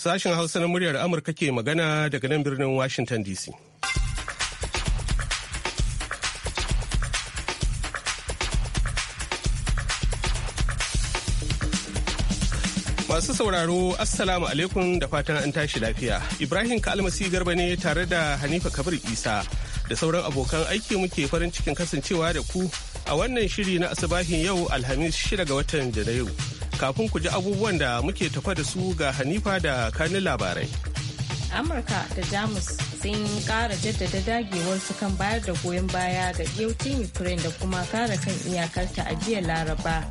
Sashen Hausa na muryar Amurka ke magana daga nan birnin Washington DC. Masu sauraro, Assalamu alaikum da fatan an tashi lafiya. Ibrahim Kalmasi Garba ne tare da Hanifa Kabir Isa da sauran abokan aiki muke farin cikin kasancewa da ku a wannan shiri na asibahin yau Alhamis 6 ga watan Janairu. kafin ku ji abubuwan da muke tafa da su ga Hanifa da kanin labarai. Amurka da Jamus sun ƙara jaddada dagewar su kan bayar da goyon baya ga yautin Ukraine da kuma kara kan iyakarta a jiya Laraba.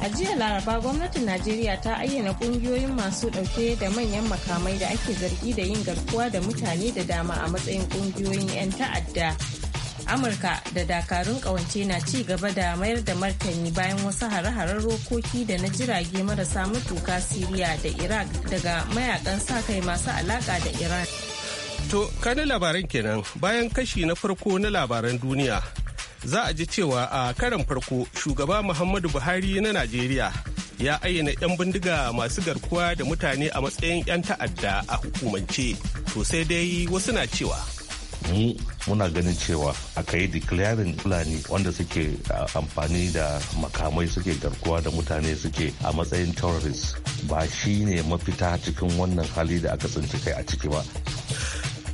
A jiya Laraba gwamnatin Najeriya ta ayyana ƙungiyoyin masu ɗauke da manyan makamai da ake zargi da yin garkuwa da mutane da dama a matsayin ƙungiyoyin 'yan ta'adda. amurka da dakarun kawance na ci gaba da mayar da martani bayan wasu hare-haren rokoki da na jirage marasa matuka siriya da iraq daga mayakan sa-kai masu alaka da iran to kanin labaran kenan bayan kashi na farko na labaran duniya za a ji cewa a karan farko shugaba muhammadu buhari na najeriya ya ayyana 'yan bindiga masu garkuwa da mutane a matsayin 'yan ta'adda a hukumance to sai dai wasu na cewa mu muna ganin cewa aka yi declaring fulani wanda suke amfani da makamai suke garkuwa da mutane suke a matsayin terrorist ba shi ne mafita cikin wannan hali da aka tsinci kai a ciki ba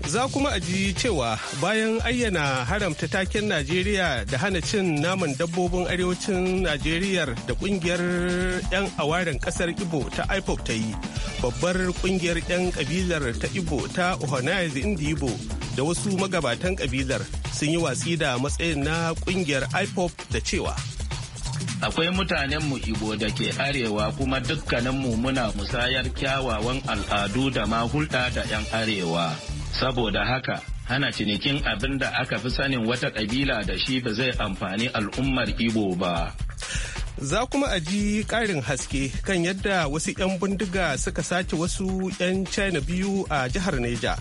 za kuma a ji cewa bayan ayyana haramta taken najeriya da hana cin naman dabbobin arewacin najeriya da kungiyar 'yan awaren kasar ibo ta ipop ta yi babbar kungiyar 'yan kabilar ta ibo ta indi indibo da wasu magabatan kabilar sun yi watsi da matsayin na kungiyar ipop da cewa akwai mutanen mu ibo da ke arewa kuma dukkaninmu muna musayar kyawawan al'adu da ma hulɗa da 'yan arewa saboda haka hana cinikin abin da aka fi sanin wata kabila da shi ba zai amfani al'ummar ibo ba za kuma a ji ƙarin haske kan yadda wasu 'yan bindiga suka sace wasu 'yan china biyu a jihar neja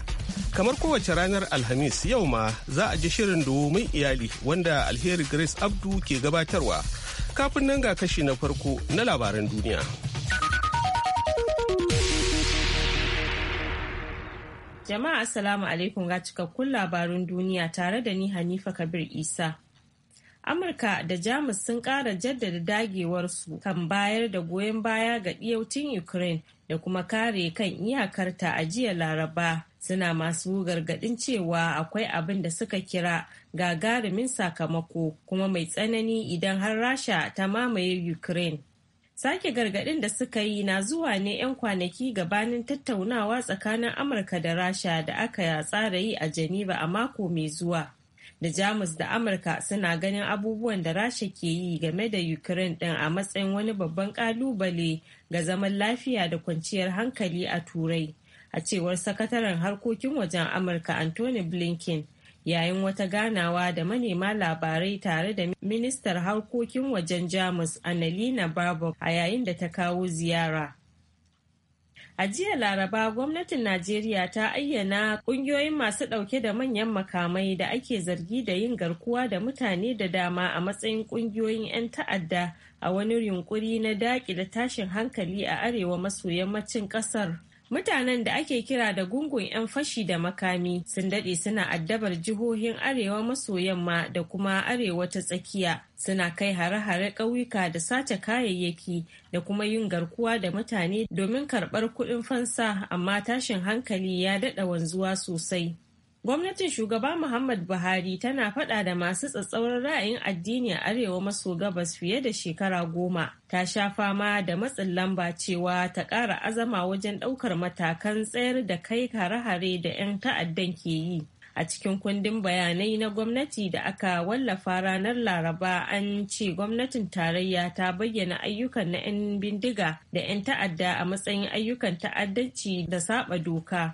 Kamar kowace ranar Alhamis yau ma za a ji shirin domin iyali wanda alheri Grace Abdu ke gabatarwa. Kafin nan ga kashi na farko na labaran duniya. Jama'a Asalamu alaikum ga cikakkun labarun duniya tare da ni Hanifa Kabir Isa. Amurka da Jamus sun ƙara jaddada dagewarsu kan bayar da goyon baya ga ɗiyaucin Ukraine da kuma kare kan iyakarta a jiya Laraba suna masu gargaɗin cewa akwai abin da suka kira gagarumin sakamako kuma mai tsanani idan har rasha ta mamaye ukraine sake gargaɗin da suka yi na zuwa ne 'yan kwanaki gabanin tattaunawa tsakanin amurka da rasha da aka tsara yi a geneva a mako mai zuwa da jamus da amurka suna ganin abubuwan da rasha ke yi game da ukraine din a matsayin wani babban kalubale ga zaman lafiya da kwanciyar hankali a turai a cewar sakataren harkokin wajen amurka anthony blinken yayin wata ganawa da manema labarai tare da ministar harkokin wajen jamus annalina babu a yayin da ta kawo ziyara a jiya laraba gwamnatin najeriya ta ayyana kungiyoyin masu ɗauke da manyan makamai da ake zargi da yin garkuwa da mutane da dama a matsayin kungiyoyin 'yan ta'adda a wani yunkuri na daƙile tashin hankali a arewa maso yammacin ƙasar Mutanen da ake kira da gungun 'yan fashi da makami sun daɗe suna addabar jihohin arewa maso yamma da kuma arewa ta tsakiya suna kai hare-hare ƙauyuka da sace kayayyaki da kuma yin garkuwa da mutane domin karɓar kuɗin fansa amma tashin hankali ya daɗa wanzuwa sosai. Gwamnatin shugaba Muhammad Buhari tana faɗa da masu tsatsauran ra'ayin addini a arewa maso gabas fiye da shekara goma. Ta sha fama da matsin lamba cewa ta ƙara azama wajen ɗaukar matakan tsayar da kai hare-hare da 'yan ta'addan ke yi. A cikin kundin bayanai na gwamnati da aka wallafa ranar Laraba an ce gwamnatin tarayya ta bayyana ayyukan na 'yan bindiga da 'yan ta'adda a matsayin ayyukan ta'addanci da saba doka.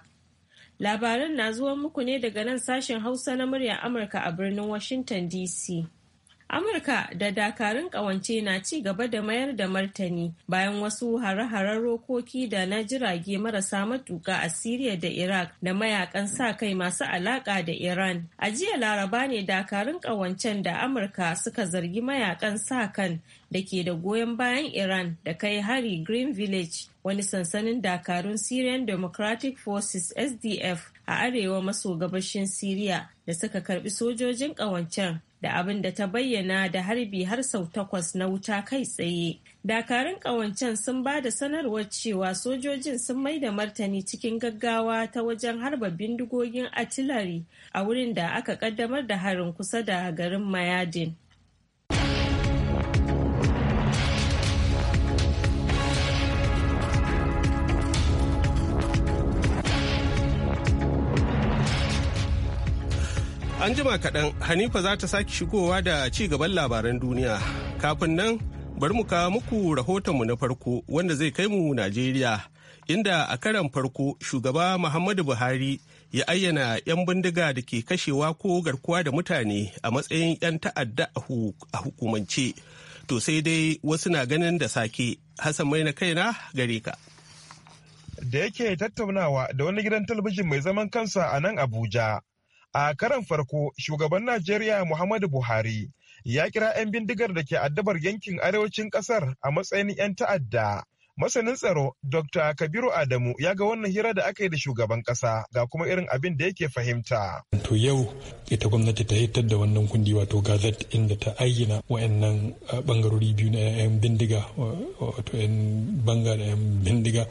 Labaran na zuwa muku ne daga nan sashen Hausa na murya Amurka a birnin Washington DC. Amurka da dakarun ƙawance na ci gaba da mayar da martani bayan wasu hare-haren rokoki da na jirage marasa matuka a Siriya da Iraq da mayakan sa kai masu alaƙa da Iran. A jiya Laraba ne dakarun ƙawancen da Amurka suka zargi mayakan sa kan da ke da goyon bayan Iran da kai hari Green Village wani sansanin dakarun Syrian Democratic Forces SDF a arewa maso gabashin Siriya da suka karbi sojojin ƙawancen da abin da ta bayyana da harbi har sau takwas na wuta kai tsaye. Dakarun ƙawancen sun ba da sanarwar cewa sojojin sun mai da martani cikin gaggawa ta wajen harba bindigogin artillery a wurin da aka ƙaddamar da harin kusa da garin Mayadin. An jima kaɗan Hanifa za ta sake shigowa da ci gaban labaran duniya. Kafin nan bari mu kawo muku rahotonmu na farko wanda zai kai mu Najeriya. Inda a karan farko shugaba Muhammadu Buhari ya ayyana 'yan bindiga da ke kashewa ko garkuwa da mutane a matsayin 'yan ta'adda a hukumance. To sai dai wasu na ganin da sake Hassan mai na kaina gare ka. Da yake tattaunawa da wani gidan talabijin mai zaman kansa a nan Abuja. A karan farko, shugaban Najeriya Muhammadu Buhari ya kira 'yan bindigar da ke addabar yankin arewacin ƙasar a matsayin 'yan ta'adda. Masanin tsaro Dr. Kabiru Adamu ya ga wannan hira da aka yi da shugaban ƙasa ga kuma irin abin da yake fahimta. To yau ita gwamnati ta hitar da wannan kundi wato gazet inda ta ayyana wayannan bangarori biyu na 'yan bindiga wato 'yan banga 'yan bindiga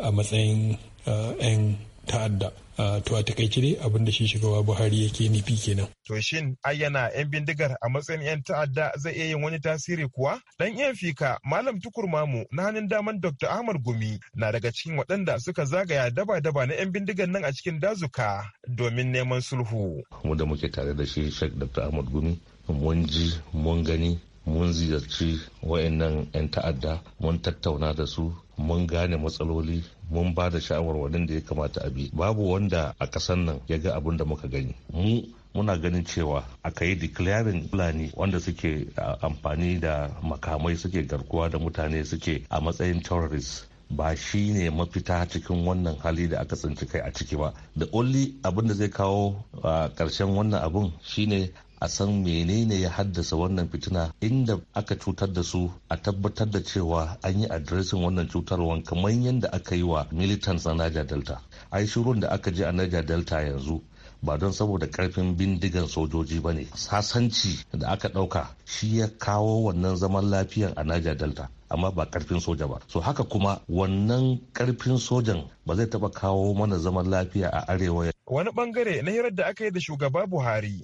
a matsayin 'yan ta'adda. to a takaice dai abin da shi shugaba buhari yake nufi kenan to shin ayyana yan bindigar a matsayin yan ta'adda zai iya yin wani tasiri kuwa dan yan fika malam tukur mamu na hannun daman dr ahmad gumi na daga cikin waɗanda suka zagaya daba-daba na yan bindigar nan a cikin dazuka domin neman sulhu mu da muke tare da shi shek dr ahmad gumi mun ji mun gani mun ziyarci wa'annan 'yan ta'adda mun tattauna da su mun gane matsaloli mun ba da shawarwarin da ya kamata a bi babu wanda a kasan nan ya ga abin da muka gani mu muna ganin cewa aka yi declaring fulani wanda suke amfani da makamai suke garkuwa da mutane suke a matsayin terrorists ba shi ne mafita cikin wannan hali da aka tsinci kai a ciki ba da only abin da zai kawo a ƙarshen wannan abin shine a san menene ya haddasa wannan fitina inda aka cutar da su a tabbatar da cewa an yi adiresin wannan cutarwan kamar yadda aka yi wa militants na Niger Delta. Ai shirun da aka je a Niger Delta yanzu ba don saboda karfin bindigan sojoji ba ne sasanci da aka ɗauka shi ya kawo wannan zaman lafiyan a Niger Delta amma ba karfin soja ba so haka kuma wannan karfin sojan ba zai taba kawo mana zaman lafiya a arewa wani bangare na hirar da aka yi da shugaba buhari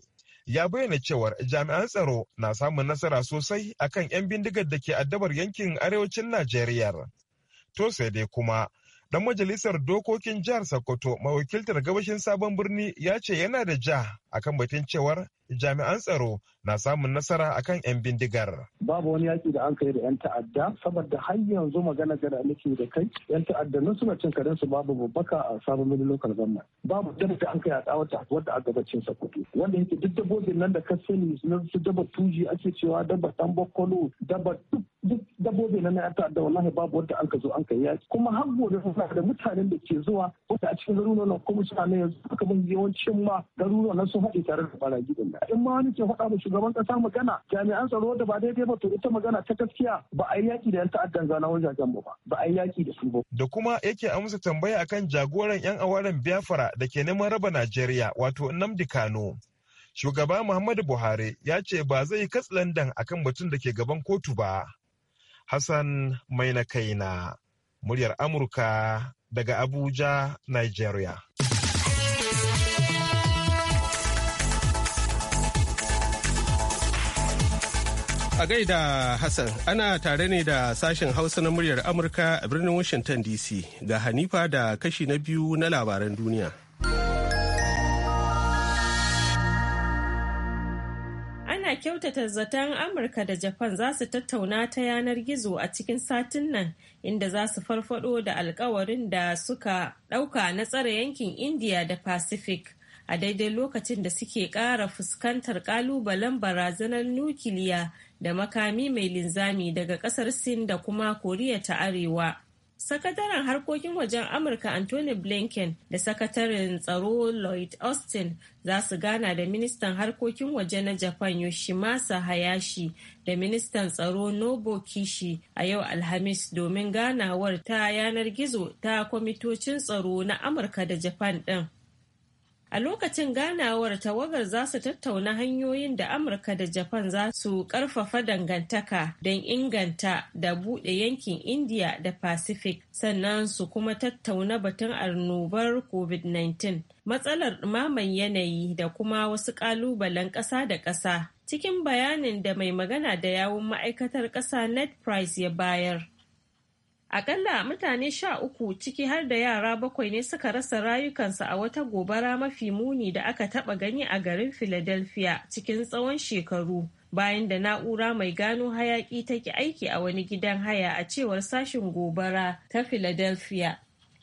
ya bayyana cewar jami'an tsaro na samun nasara sosai akan 'yan bindigar da ke addabar yankin arewacin Najeriya. To sai dai kuma Dan majalisar dokokin jihar Sokoto mawakiltar gabashin sabon birni ya ce yana da ja akan batun cewar jami'an tsaro na samun nasara akan 'yan bindigar. Babu wani yaki da an kai da 'yan ta'adda saboda har yanzu magana gada nake da kai 'yan ta'adda nan suna cin karen su babu babbaka a sabon birnin lokal government. Babu dabba da an kai a tsawata wadda a gabacin Sokoto. Wanda yake duk dabbobin nan da ka sani na su dabba tuji ake cewa dabba dan bakwalo dabba duk duk dabbobi na na ta'adda wallahi babu wanda an ka zo an kai yaki kuma har gobe suna da mutanen da ke zuwa wanda a cikin garuruwan nan kuma suna na yanzu aka bin yawancin ma garuruwan nan sun haɗe tare da gidan da in ma wani ke faɗa ma shugaban ƙasa magana jami'an tsaro da ba daidai ba to ita magana ta gaskiya ba a yi yaki da yan ta'addan zana wajajen ba ba a yi yaki da su ba da kuma yake amsa tambaya akan jagoran yan awaren Biafra da ke neman raba Najeriya wato Nnamdi Kano shugaba Muhammadu Buhari ya ce ba zai landan akan batun da ke gaban kotu ba. Hassan mai na na muryar Amurka daga Abuja, Nigeria. A gaida Hassan, ana tare ne da sashen Hausa na muryar Amurka a birnin Washington DC ga Hanifa da kashi na biyu na labaran duniya. kyautata zaton Amurka da Japan za su tattauna ta yanar gizo a cikin satin nan inda za su farfado da alkawarin da suka ɗauka na tsare yankin India da Pacific a daidai lokacin da suke ƙara fuskantar ƙalubalen barazanar nukiliya da makami mai linzami daga ƙasar Sin da kuma Koriya ta Arewa. Sakataren harkokin wajen Amurka Anthony Blinken da sakataren tsaro Lloyd Austin za su gana da ministan harkokin waje na Japan Yoshimasa Hayashi da ministan tsaro Nobo Kishi a yau Alhamis domin ganawar ta yanar gizo ta kwamitocin tsaro na Amurka da Japan ɗin. A lokacin ganawar tawagar za su tattauna hanyoyin da Amurka da Japan za su ƙarfafa dangantaka don inganta da buɗe yankin Indiya da Pacific sannan su kuma tattauna batun annobar COVID-19, matsalar ɗumaman yanayi da kuma wasu ƙalubalen ƙasa da ƙasa. Cikin bayanin da mai magana da yawun ma'aikatar ƙasa Net Price ya bayar. Akalla mutane sha uku ciki har da yara bakwai ne suka rasa rayukansu a wata gobara mafi muni da aka taɓa gani a garin Philadelphia cikin tsawon shekaru bayan da na'ura mai gano hayaki ta ki aiki a wani gidan haya a cewar sashin gobara ta Philadelphia.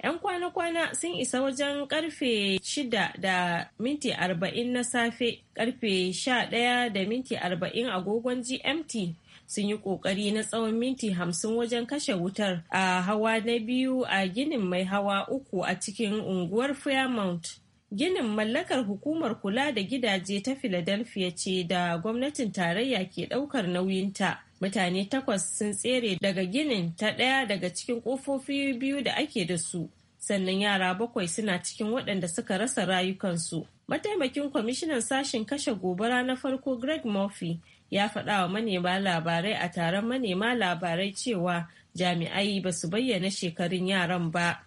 'Yan kwana-kwana sun isa wajen karfe 6 da minti 40 na safe, karfe 11 da minti 40 agogon GMT sun yi kokari na tsawon minti hamsin wajen kashe wutar a hawa na biyu a ginin mai hawa uku a cikin unguwar fairmount ginin mallakar hukumar kula da gidaje ta philadelphia ce da gwamnatin tarayya ke daukar nauyinta mutane takwas sun tsere daga ginin ta ɗaya daga cikin ƙofofi biyu da ake da su sannan yara bakwai suna cikin waɗanda suka rasa rayukansu mataimakin kwamishinan sashen kashe gobara na farko greg murphy ya faɗa wa manema labarai a taron manema labarai cewa jami'ai ba su bayyana shekarun yaran ba.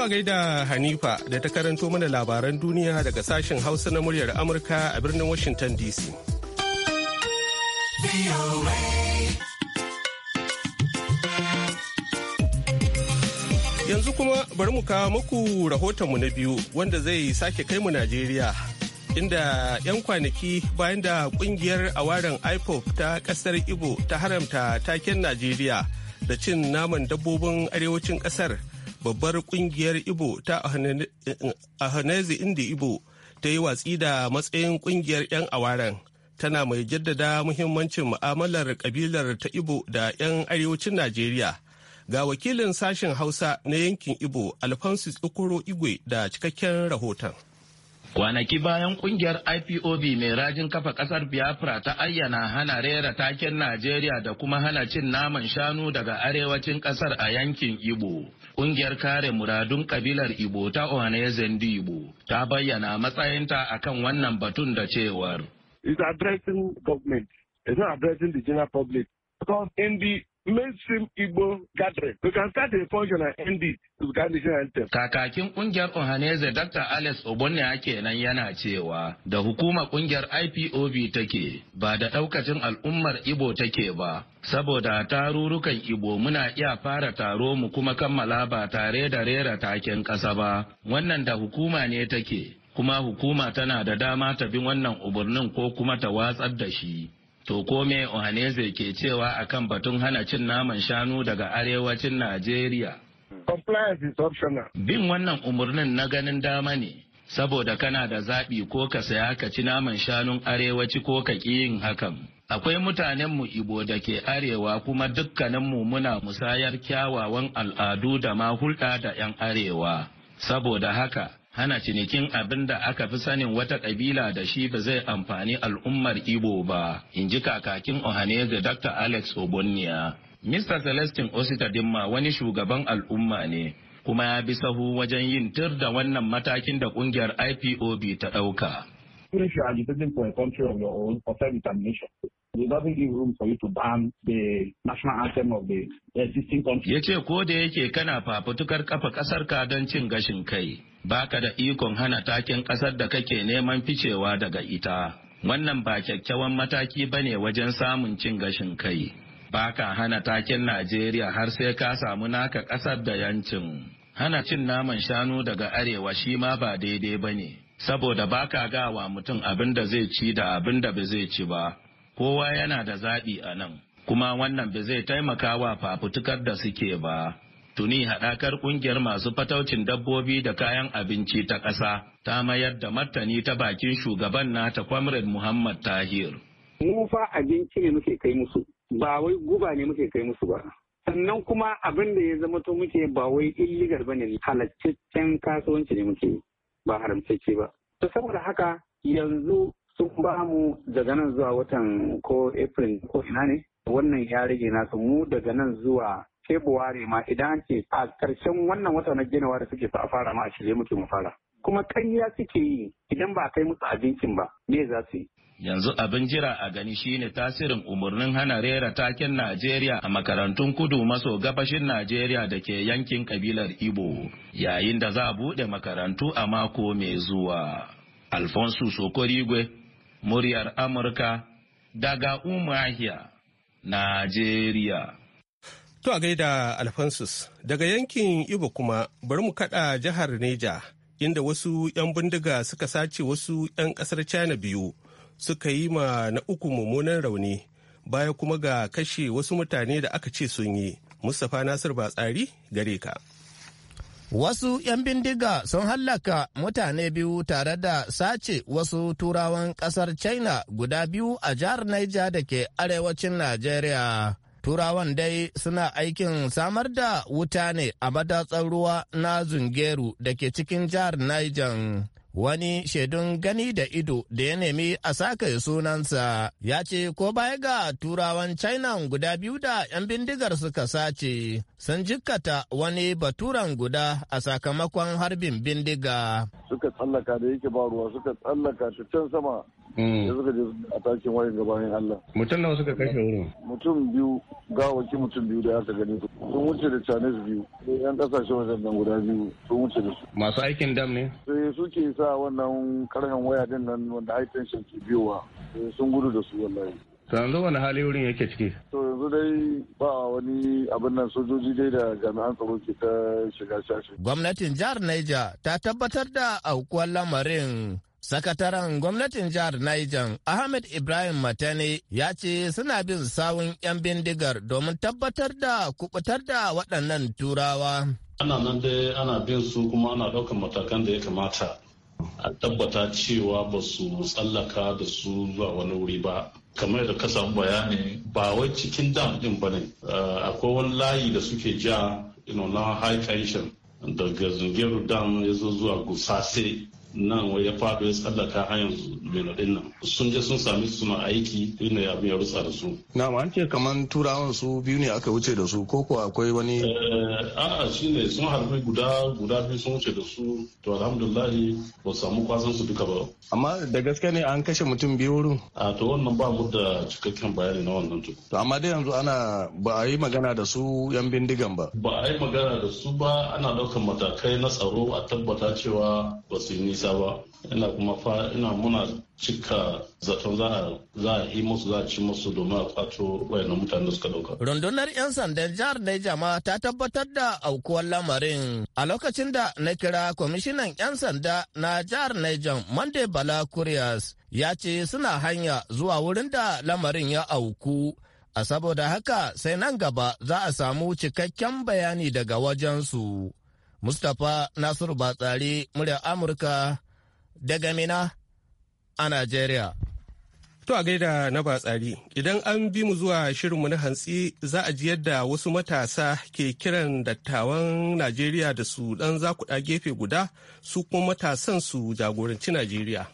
a gaida Hanifa da ta karanto mana labaran duniya daga sashen Hausa na muryar Amurka a birnin Washington DC. kuma bari mu kawo muku mu na biyu wanda zai sake kai mu Najeriya. Inda 'yan kwanaki bayan da kungiyar awaran IPOP ta kasar Igbo ta haramta taken Najeriya da cin naman dabbobin arewacin kasar babbar kungiyar Igbo ta Ahanezi Indi Igbo ta yi watsi da matsayin kungiyar 'yan awaran, tana mai jaddada muhimmancin mu'amalar kabilar ta Igbo da 'yan arewacin Najeriya. Ga wakilin sashen Hausa na yankin Ibo Alphonsus Okoro Igwe da cikakken rahoton. Kwanaki bayan kungiyar IPOB mai rajin kafa kasar Biafra ta ayyana hana rera taken Najeriya da kuma hana cin naman shanu daga arewacin kasar a yankin ibo Kungiyar kare muradun kabilar ibo ta Ohanezendi Igbo ta bayyana matsayinta akan wannan batun da cewar. It's addressing government. It's not addressing the general public. mainstream Igbo gathering. We can start a function and end it Kakakin kungiyar Ohaneze Dr. Alex ake kenan yana cewa da hukuma kungiyar IPOB take ba da daukacin al'ummar Igbo take ba. Saboda tarurukan ibo muna iya fara taro mu kuma kammala ba tare da rera taken ƙasa ba, wannan da hukuma ne take, kuma hukuma tana da dama ta bin wannan uburnin ko kuma ta watsar da shi. To kome Ohaneze ke cewa akan batun hana cin naman shanu daga arewacin Najeriya. Compliance is optional. Bin wannan umarnin na ganin dama ne, saboda kana da zaɓi ko ka saya ka ci naman shanun arewaci ko ka ƙi yin hakan. Akwai mutanenmu Ibo da ke arewa kuma dukkaninmu muna musayar kyawawan al'adu da ma hulɗa da 'yan arewa. Saboda haka, hana cinikin abin da aka fi sanin wata kabila da shi ba zai amfani al'ummar Igbo ba, in ji kakakin Ohaneze Dr. Alex Obonia. Mr. Celestin Osita Dimma wani shugaban al'umma ne, kuma ya bi sahu wajen yin tur da wannan matakin da kungiyar IPOB ta ɗauka. It doesn't give room for you to ban the national anthem of the existing country. Ya ce ko da yake kana fafutukar kafa kasar ka don cin gashin kai, baka da ikon hana takin kasar da kake neman ficewa daga ita. Wannan ba kyakkyawan mataki bane wajen samun cin gashin kai. Baka hana takin Najeriya har sai ka samu naka kasar da yancin. Hana cin naman shanu daga arewa shi ma ba daidai ba ne. Saboda baka gawa mutum abin da zai ci da abin da ba zai ci ba. kowa yana da zaɓi a nan kuma wannan ba zai taimaka wa fafutukar da suke ba tuni haɗakar ƙungiyar masu fataucin dabbobi da kayan abinci ta ƙasa ta mayar da martani ta bakin shugaban nata kwamrin muhammad tahir mu fa abinci ne muke kai musu ba wai guba ne muke kai musu ba sannan kuma abin da ya zama to muke ba wai illigar bane halaccen kasuwanci ne muke ba haramtacce ba to saboda haka yanzu sun ba mu daga nan zuwa watan ko april ko ina ne wannan ya rage nasu mu daga nan zuwa february ma idan ce a ƙarshen wannan wata na january suke fa fara ma a shirye muke mu fara kuma kanya suke yi idan ba kai musu abincin ba me za su yi yanzu abin jira a gani shine tasirin umarnin hana rera taken Najeriya a makarantun kudu maso gabashin Najeriya da ke yankin kabilar Igbo yayin da za a buɗe makarantu a mako mai zuwa. Alfonso Sokorigwe muryar Amurka daga Umahiya, Najeriya. To a gaida Alphonsus, daga yankin Ibo kuma bari mu kada jihar Neja, inda wasu 'yan bindiga suka sace wasu 'yan kasar China biyu suka yi ma na uku mummunan rauni, baya kuma ga kashe wasu mutane da aka ce sun yi. Mustapha Nasir Batsari gare ka. Wasu 'yan bindiga sun hallaka mutane biyu tare da sace wasu turawan ƙasar China guda biyu a jihar Niger da ke arewacin Najeriya. Turawan dai suna aikin samar da wuta ne a madatsar ruwa na Zungeru da ke cikin jihar Niger. wani shaidun gani da ido da ya nemi a sake sunansa ya ce ko baya ga turawan china guda biyu da 'yan bindigar suka sace sun jikkata wani baturan guda a sakamakon harbin bindiga suka tsallaka da yake ba ruwa suka tsallaka ta can sama hmm. da suka je a takin wayan gabanin allah mutum nawa suka kashe wurin mutum biyu gawaki mutum biyu da aka gani sun wuce da chinese biyu sai yan kasashe wajen nan guda biyu sun wuce da su masu aikin dam ne sai eh, suke sa wannan karhen waya din nan wanda high tension ke biyowa eh, sun gudu da su wallahi yanzu wani hali wurin yake ciki to yanzu dai ba wani abin nan sojoji dai da jami'an tsaro ke ta shiga shashi gwamnatin jihar Niger ta tabbatar da aukuwar lamarin Sakataren gwamnatin jihar Niger Ahmed Ibrahim Matane ya ce suna bin sawun 'yan bindigar domin tabbatar da kubutar da waɗannan turawa. Ana nan dai ana bin su kuma ana ɗaukar matakan da ya kamata. a tabbata cewa ba su tsallaka da su zuwa wani wuri ba kamar da ka samu bayani ba wai cikin dam din ba ne akwai wani layi da suke ja na high tension daga zungeru dam ya zo zuwa gusase nan wai ya faɗo ya tsallaka a yanzu beno din nan sun je sun sami suna aiki inda ya biya rutsa da su na an ce kaman turawan su biyu ne aka wuce da su ko ko akwai wani eh, a'a shine sun harbi guda guda biyu sun wuce da su to alhamdulillahi ba samu kwasan su duka ba amma da gaske ne an kashe mutum biyu wurin a to wannan ba mu da cikakken bayani na wannan to amma dai yanzu ana ba a yi magana da su yan bindigan ba ba a yi magana da su ba ana daukan matakai na tsaro a tabbata cewa ba su yi isa ba ina kuma fa ina muna cika zaton za a yi musu za a ci musu domin a kwato wayannan mutane da suka dauka. Rundunar 'yan sandan jihar Neja ma ta tabbatar da aukuwar lamarin a lokacin da na kira kwamishinan 'yan sanda na jihar Neja Monday Bala Kuriyas ya ce suna hanya zuwa wurin da lamarin ya auku. A saboda haka sai nan gaba za a samu cikakken bayani daga wajensu. Mustapha Nasiru Batsari murya Amurka daga Mina a Najeriya. To a gaida na batsari idan an bi mu zuwa shirinmu na hantsi za a ji yadda wasu matasa ke kiran dattawan Najeriya da su dan zakuɗa gefe guda su kuma matasan su jagoranci Najeriya.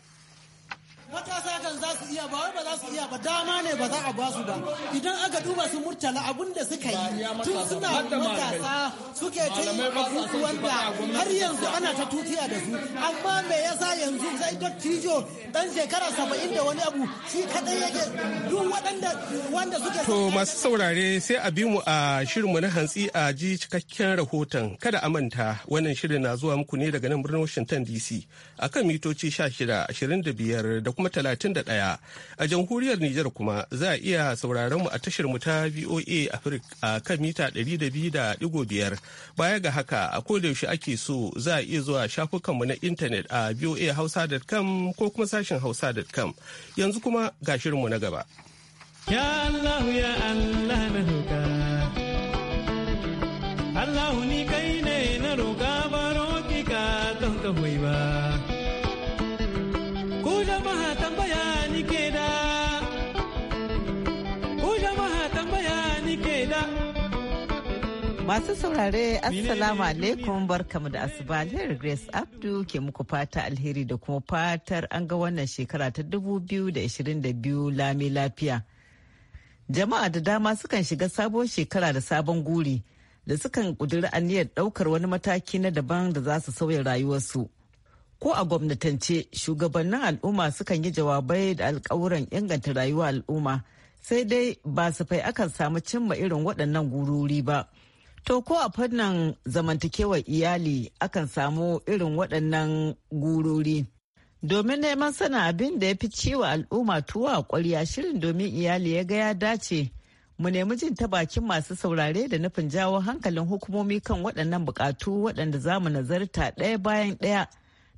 Matasa kan za su iya ba su iya ba dama ne ba za a ba su ba idan aka duba su murtala abun da suka yi tun suna matasa suke ta yi abubuwan da har yanzu ana ta tutiya da su amma me yasa yanzu sai tijo dan shekara saba'in da wani abu shi kadai yake duk waɗanda wanda suke to masu saurare sai a bi mu a shirinmu na hantsi a ji cikakken rahoton kada a manta wannan shirin na zuwa muku ne daga nan birnin washington dc akan mitoci 16 25 da kuma 31 a jan jamhuriyar Nijar kuma za a iya sauraron mu a tashar mu ta VOA Africa a kan mita 200.5 baya ga haka a koda yaushe ake so za a iya zuwa shafukanmu na intanet a voahausa.com ko kuma sashen hausa.com yanzu kuma ga shirinmu na gaba. Ya Allah ya na roka Allah ni kai ne na roka baro ki ka don ka ba. Masu saurare Assalamu alaikum barkamu da asuba alheri Grace Abdu ke muku fata alheri da kuma fatar an ga wannan shekara ta 2022 lami lafiya. Jama'a da dama sukan shiga sabon shekara da sabon guri da sukan kuduri aniyar daukar wani mataki na daban da za su sauya rayuwarsu. Ko a gwamnatance shugabannin al'umma sukan yi jawabai da alkawuran inganta rayuwar al'umma sai dai ba su fai akan samu cimma irin waɗannan gururi ba. To ko a fannin zamantakewar iyali akan samu irin waɗannan gurori. Domin neman sana abin da ya fi ciwa al'umma tuwa a ƙwarya shirin domin iyali ya ga ya dace mu nemi jin ta bakin masu saurare da nufin jawo hankalin hukumomi kan waɗannan buƙatu waɗanda za mu nazarta ɗaya bayan ɗaya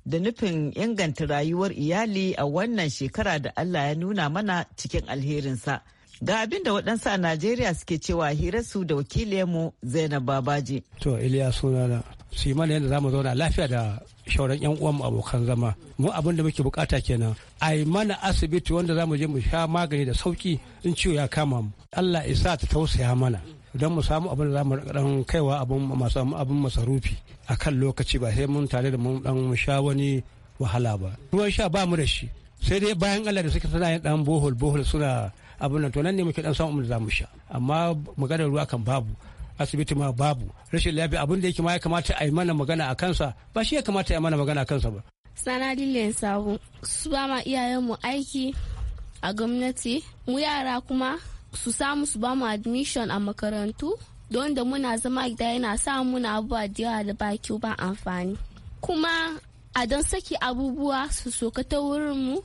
da nufin inganta rayuwar iyali a wannan shekara da Allah ya nuna mana cikin alherinsa. da abin da waɗansu a Najeriya suke cewa su da wakilinmu Zainab Babaji. To Iliya sunana su mana yadda zamu zauna lafiya da shauran yan uwan abokan zama. Mu abin da muke bukata kenan. A yi mana asibiti wanda zamu je mu sha magani da sauki in ciwo ya kama mu. Allah isa ta tausaya mana. Don mu samu abin da zamu dan kaiwa abin masarufi a kan lokaci ba sai mun tare da mun dan sha wani wahala ba. Ruwan sha ba mu da shi. sai dai bayan Allah da suka tana yin dan bohol bohol suna abin nan to nan ne muke dan samu za mu sha amma maganar ruwa kan babu asibiti ma babu rashin lafiya abin da yake ma ya kamata a yi mana magana a kansa ba shi ya kamata a yi mana magana a kansa ba sanadin sabo su ba ma iyayenmu aiki a gwamnati mu yara kuma su samu su ba mu admission a makarantu don da muna zama gida yana sa muna abubuwa da yawa da baki ba amfani kuma a don saki abubuwa su soka ta wurinmu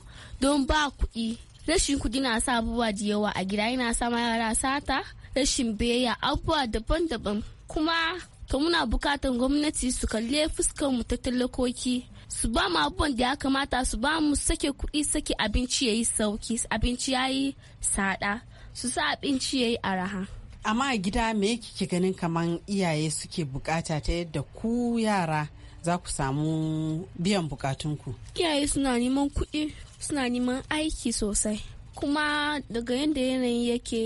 don ba kuɗi rashin kudi na sa abubuwa da yawa a gida yana sa ma yara sata rashin biyayya abubuwa daban-daban kuma to muna bukatar gwamnati su kalle fuskar mu ta talakoki su ba mu abubuwan da ya kamata su ba mu sake kudi sake abinci yayi sauki abinci yayi sada su sa abinci yayi araha amma a gida me kike ganin kamar iyaye suke bukata ta yadda ku yara za ku samu biyan bukatunku. Iyaye suna neman kuɗi suna neman aiki sosai kuma daga yadda yanayi yake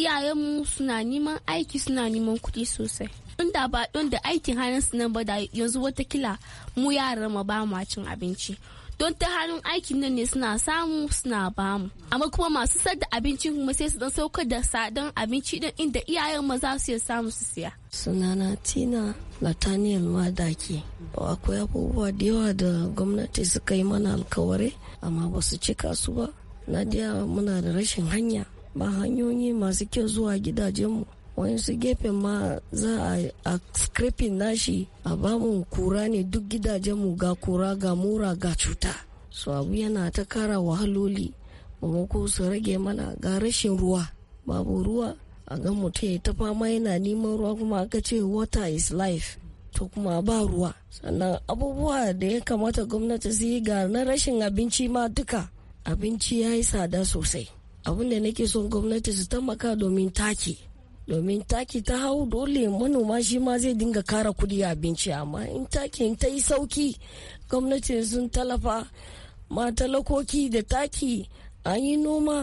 iyayenmu suna neman aiki suna neman kuɗi sosai inda ba don da aikin hannun su ba da yanzu watakila mu yaran ma ba mu cin abinci don ta hannun aikin nan ne suna samu suna bamu amma kuma masu sayar da abinci kuma sai su dan saukar da sadan abinci din inda iyayen maza su ya samu su siya sunana tina nathaniel madaki akwai abubuwa da yawa da gwamnati suka yi mana alkawari amma ba su cika su ba na muna da rashin hanya ba hanyoyi masu kyau zuwa gidajenmu wayansu gefen ma za a scraping nashi a bamu kura ne duk gidajenmu ga kura ga mura ga cuta su abu yana ta kara wahaloli ko su rage mana ga rashin ruwa babu ruwa a ga mutum ya ta fama yana neman ruwa kuma aka ce water is life to kuma ba ruwa sannan abubuwa da ya kamata gwamnati su yi ga na rashin abinci ma duka abinci ya yi tsada sosai abin da nake son gwamnati su taimaka domin taki domin taki ta hau dole manoma shi ma zai dinga kara kudi abinci amma in takin ta yi sauki gwamnati sun talafa ma talakoki da taki an yi noma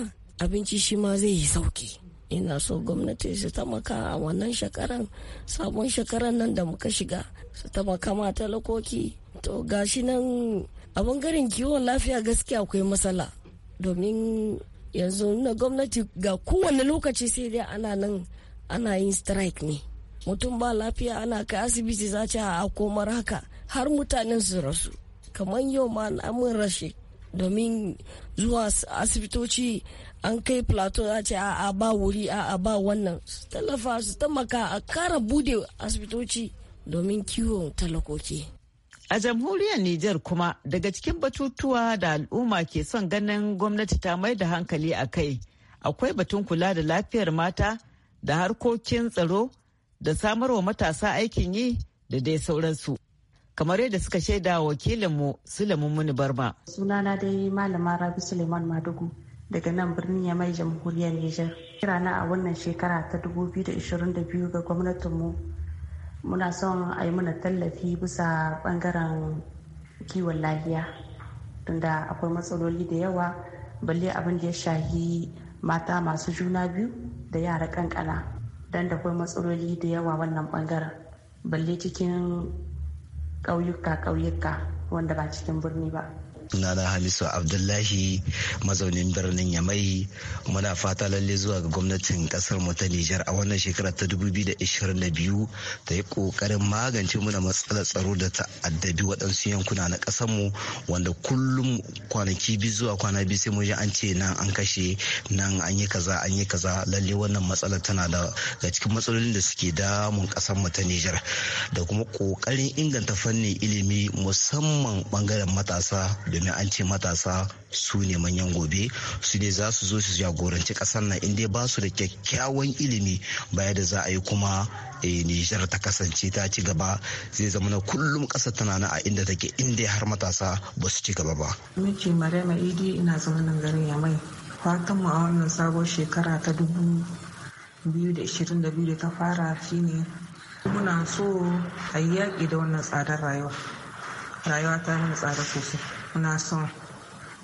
abinci shi ma zai yi sauki ina so gwamnati su tamaka a wannan shekaran sabon shekaran nan da muka shiga su tamaka ma talakoki to gashi nan a bangaren kiwon lafiya gaskiya akwai matsala domin yanzu na gwamnati ga kowane lokaci sai dai ana nan ana yin strike ne mutum ba lafiya ana kai asibiti za ci a komar haka har mutanen su rasu kamar yau ma mun rashe domin zuwa asibitoci an kai plateau za ce a ba wuri a ba wannan su tallafa su taimaka a kara bude asibitoci domin kiwon talakoki a jamhuriyar nijar kuma daga cikin batutuwa da al'umma ke son ganin gwamnati ta mai da hankali a kai akwai batun kula da lafiyar mata da harkokin tsaro da samar wa matasa aikin yi da dai sauransu. kamar yadda suka shaida wakilinmu Sulaiman Muni Barba. Sunana dai Malama Rabi Suleiman Madugu daga nan birnin ya Yamai Jamhuriyar Nijar. na a wannan shekara ta 2022 ga gwamnatinmu muna son a yi mana tallafi bisa bangaren kiwon lafiya tunda akwai matsaloli da yawa balle abin da ya shahi mata masu juna biyu da yara kankana don da kwai matsaloli da yawa wannan bangaren balle cikin ƙauyuka ƙauyuka wanda ba cikin birni ba sunana hamisu abdullahi mazaunin birnin yamai muna fata lalle zuwa ga gwamnatin kasar mu ta nijar a wannan shekarar ta 2022 ta yi kokarin magance muna matsalar tsaro da ta addabi waɗansu yankuna na kasar mu wanda kullum kwanaki bi zuwa kwana bi sai mu ji an ce nan an kashe nan an yi kaza an yi kaza lalle wannan matsala tana da ga cikin matsalolin da suke damun kasar mu ta nijar da kuma kokarin inganta fannin ilimi musamman bangaren matasa da domin an ce matasa su ne manyan gobe su ne za su zo su jagoranci kasar nan inda ba su da kyakkyawan ilimi baya da za a yi kuma eh, nijar ta kasance ta ci gaba zai zama na kullum kasar tana na a inda take inda har matasa ba su ci gaba ba. Miki Idi ina zama nan garin Yamai. Fatan mu a wannan sabon shekara ta dubu biyu da ishirin da biyu da ta fara shine muna so a yi yaƙi da wannan tsadar rayuwa. Rayuwa ta mana tsada sosai. Muna son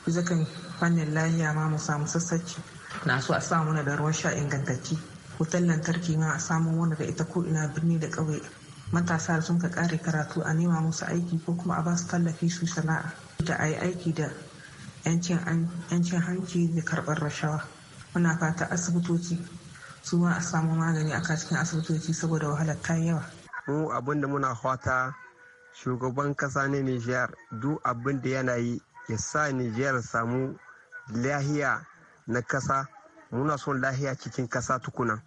zakan fannin lahiya ma mu samu sassaki na so a samu da ruwan sha ingantacci wutar lantarki ma a samu wani da ita ko ina birni da ƙauye matasa da sun ka ƙare karatu a nema musu aiki ko kuma a basu tallafi su sana'a da a yi aiki da yancin hanci da karɓar rashawa muna fata asibitoci su ma a samu magani a cikin asibitoci saboda wahalar ta yawa mu abin muna fata shugaban kasa na nijar duk abin da yana yi ya sa nijar samu lahiya na kasa muna son lahiya cikin kasa tukuna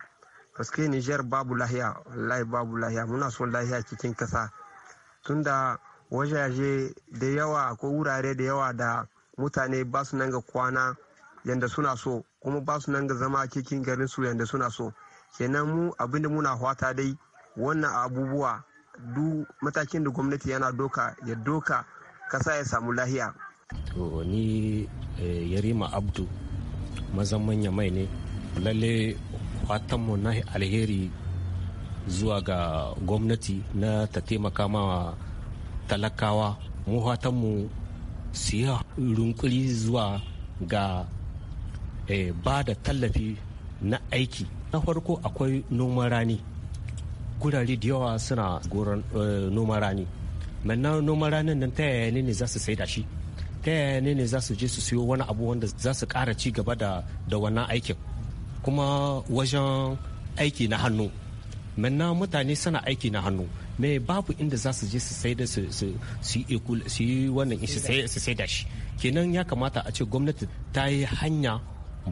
paske nijar babu lahiya wallahi babu lahiya muna son lahiya cikin kasa tunda wajaje da yawa ko wurare da yawa da mutane ba su nan kwana yadda suna so kuma ba su nan zama cikin garin su yadda suna so kenan mu abinda muna hwata dai wannan abubuwa duk matakin da gwamnati yana doka ya doka kasa ya samu lahiya to ni eh, yarima abdu mazan manya mai ne lalle fatanmu na alheri zuwa ga gwamnati na ta taimaka ma talakawa mu fatanmu su yi runkuri zuwa ga eh, ba da tallafi na aiki na farko akwai noman rani gurare da yawa suna goron eh, noman rani mannan noman ranin nan ta yaya ne za su saida shi ta yaya ne za su je su siyo wani abu wanda za su kara ci gaba da wannan aikin kuma wajen aiki na hannu manna mutane suna aiki na hannu me babu inda za su je su sai da su yi wannan su sai da shi kenan ya kamata a ce gwamnati ta yi hanya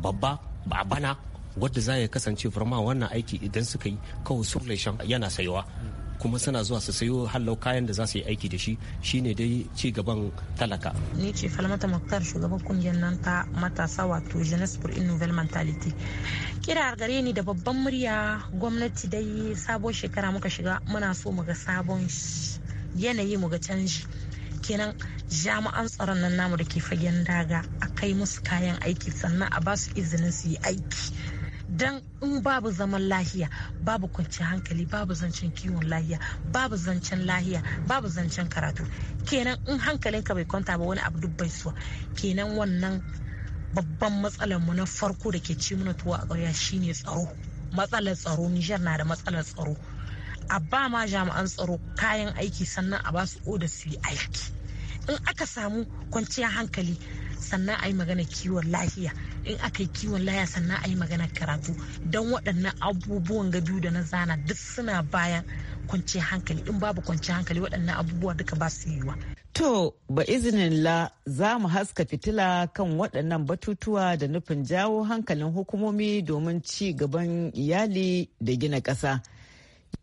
babba ba bana wadda za ya kasance farma wannan aiki idan suka yi kawai laishan yana sayowa kuma suna zuwa su sayo hallau kayan da za su yi aiki da shi shine dai ci gaban talaka. Ni ce Falmata Muktar shugaban kungiyar nan ta matasa wato Jeunesse pour une nouvelle mentalité. Kira gare ni da babban murya gwamnati dai sabon shekara muka shiga muna so mu ga sabon yanayi mu ga canji. kenan jami'an tsaron nan namu da ke fagen daga a kai musu kayan aiki sannan a ba su izinin su yi aiki. dan in babu zaman lahiya babu kwanci hankali babu zancen kiwon lahiya babu zancen lahiya babu zancen karatu kenan in hankalinka bai kwanta ba wani abu dubbai suwa kenan wannan babban matsalar mu na farko da ke ci mana tuwa a ƙarya shine tsaro matsalar tsaro Nijar na da matsalar tsaro a ba ma jami'an tsaro kayan aiki sannan a ba su oda su yi aiki in aka samu kwanciyar hankali sannan a yi magana kiwon lahiya in aka yi kiwon lahiya sannan a yi magana karatu don waɗannan abubuwan ga biyu da na zana duk suna bayan kwanciyar hankali in babu kwanciyar hankali waɗannan abubuwa duka ba su yiwa. To, ba izinin la za mu haska fitila kan waɗannan batutuwa da nufin jawo hankalin hukumomi domin ci gaban iyali da gina ƙasa.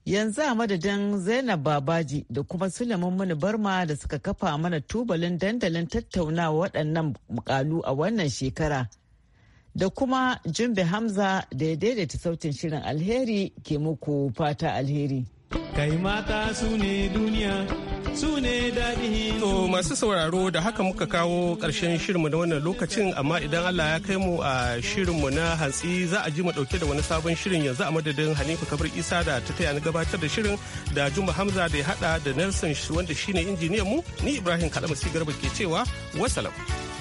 Yanzu a madadin Zainab Babaji da kuma Suleiman Muni Barma da suka kafa mana tubalin dandalin tattaunawa waɗannan mukalu a wannan shekara. Da kuma Jumbe Hamza da ya daidaita sautin shirin alheri ke muku fata alheri. kai mata su ne duniya su ne daɗi to masu sauraro da haka muka kawo ƙarshen shirinmu da wannan lokacin amma idan Allah ya kai mu a shirinmu na hantsi za a ji mu ɗauke da wani sabon shirin yanzu a madadin Hanifa Kabir Isa da ta taya ni gabatar da shirin da Juma Hamza da ya haɗa da Nelson wanda shine injiniyan mu ni Ibrahim Kalamu Garba ke cewa wassalam.